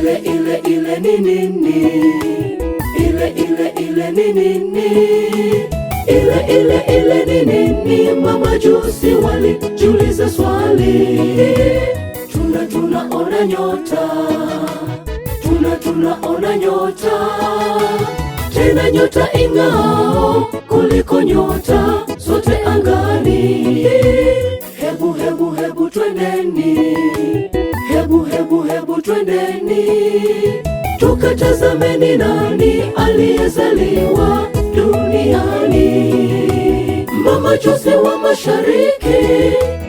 ile ile ile ni nini? Ile ile ile ni nini? Ile ile ile ni nini? Mamajusi walijiuliza swali, tuna ona nyota, tuna ona nyota, tena nyota ing'ao kuliko nyota zote angani. Hebu hebu hebu, twendeni tukatazame tukatazameni nani aliyezaliwa duniani. Mamajusi wa mashariki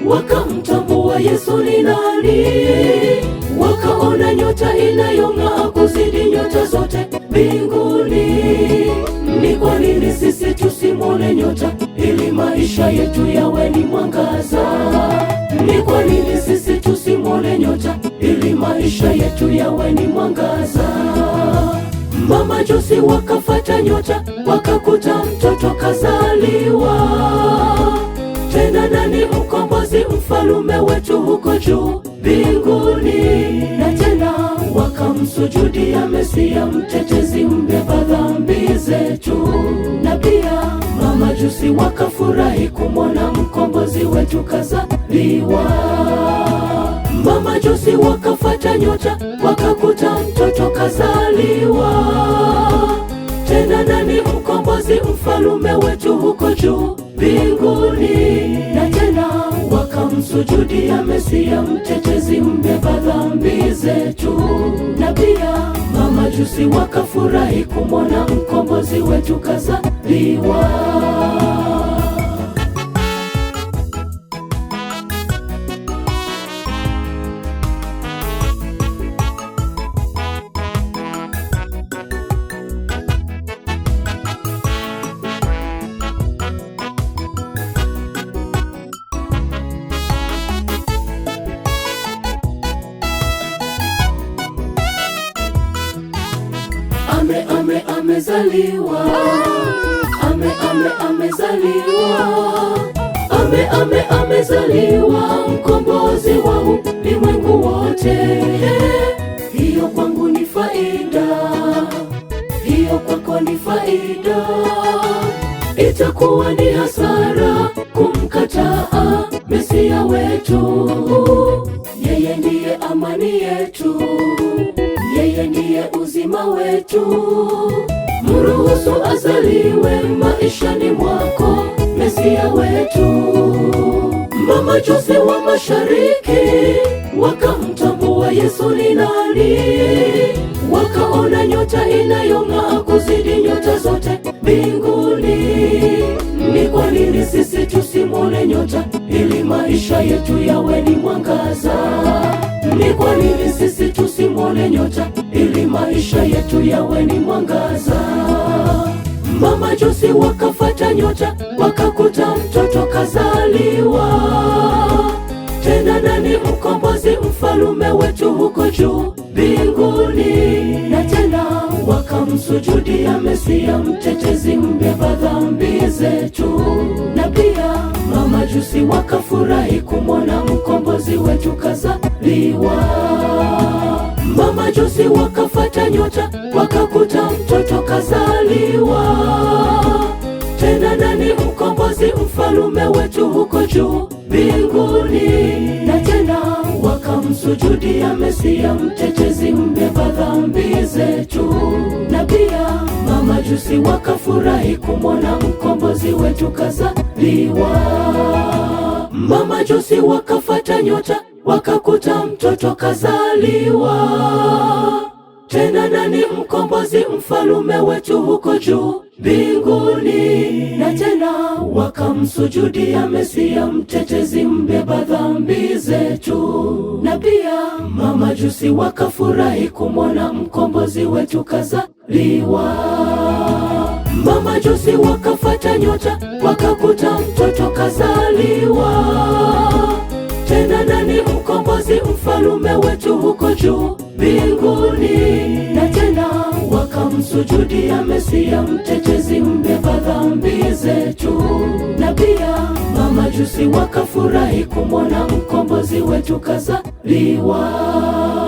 wakamtambua Yesu ni nani, wakaona nyota inayong'aa kuzidi nyota zote mbinguni. Ni kwa nini sisi tusimwone nyota ili maisha yetu yawe ni mwangaza? Ni kwa nini sisi maisha yetu yawe ni mwangaza. Mama Josi wakafata nyota, wakakuta mtoto kazaliwa. Tena nani ukombozi, mfalume wetu huko juu mbinguni. Na tena wakamsujudia Mesia, mtetezi, mbeba dhambi zetu. Na pia Mama Josi wakafurahi kumwona mkombozi wetu kazaliwa majusi wakafata nyota, wakakuta mtoto kazaliwa. Tena nani mkombozi, mfalume wetu huko juu mbinguni. Na tena wakamsujudia Mesia, mtetezi, mbeba dhambi zetu. Na pia mamajusi wakafurahi kumwona mkombozi wetu kazaliwa. ame ame amezaliwa ame ame amezaliwa ame ame amezaliwa mkombozi wa ulimwengu wote. Hiyo kwangu ni faida, hiyo kwako ni faida. Itakuwa ni hasara kumkataa Mesia wetu, yeye ndiye amani yetu wetu, mruhusu azaliwe maishani mwako, Mesia wetu. Mamajusi wa mashariki wakamtambua Yesu ni nani, wakaona nyota inayong'aa kuzidi nyota zote mbinguni. Ni kwa nini sisi tusimwone nyota ili maisha yetu yawe ni mwangaza? Ni kwa nini sisi tusi tuone nyota ili maisha yetu yawe ni mwangaza. Mama Josi wakafata nyota wakakuta mtoto kazaliwa. Tena nani mkombozi mfalume wetu huko juu mbinguni, na tena wakamsujudia Mesia mtetezi mbeba dhambi zetu, na pia Mama Josi wakafurahi kumwona mkombozi wetu kazaliwa majusi wakafata nyota, wakakuta mtoto kazaliwa. Tena nani mkombozi, mfalume wetu huko juu mbinguni. Na tena wakamsujudia Mesia, mtetezi, mbeba dhambi zetu. Na pia mamajusi wakafurahi kumwona mkombozi wetu kazaliwa. Mamajusi wakafata nyota wakakuta mtoto kazaliwa. Tena nani mkombozi, mfalume wetu huko juu mbinguni. Na tena wakamsujudia Mesia, mtetezi, mbeba dhambi zetu. Na pia mamajusi wakafurahi kumwona mkombozi wetu kazaliwa. Mamajusi wakafata nyota, wakakuta mtoto kazaliwa tena nani mkombozi, mfalume wetu huko juu mbinguni. Na tena wakamsujudia Mesia, mtetezi, mbeba dhambi zetu. Na pia mamajusi wakafurahi kumwona mkombozi wetu kazaliwa.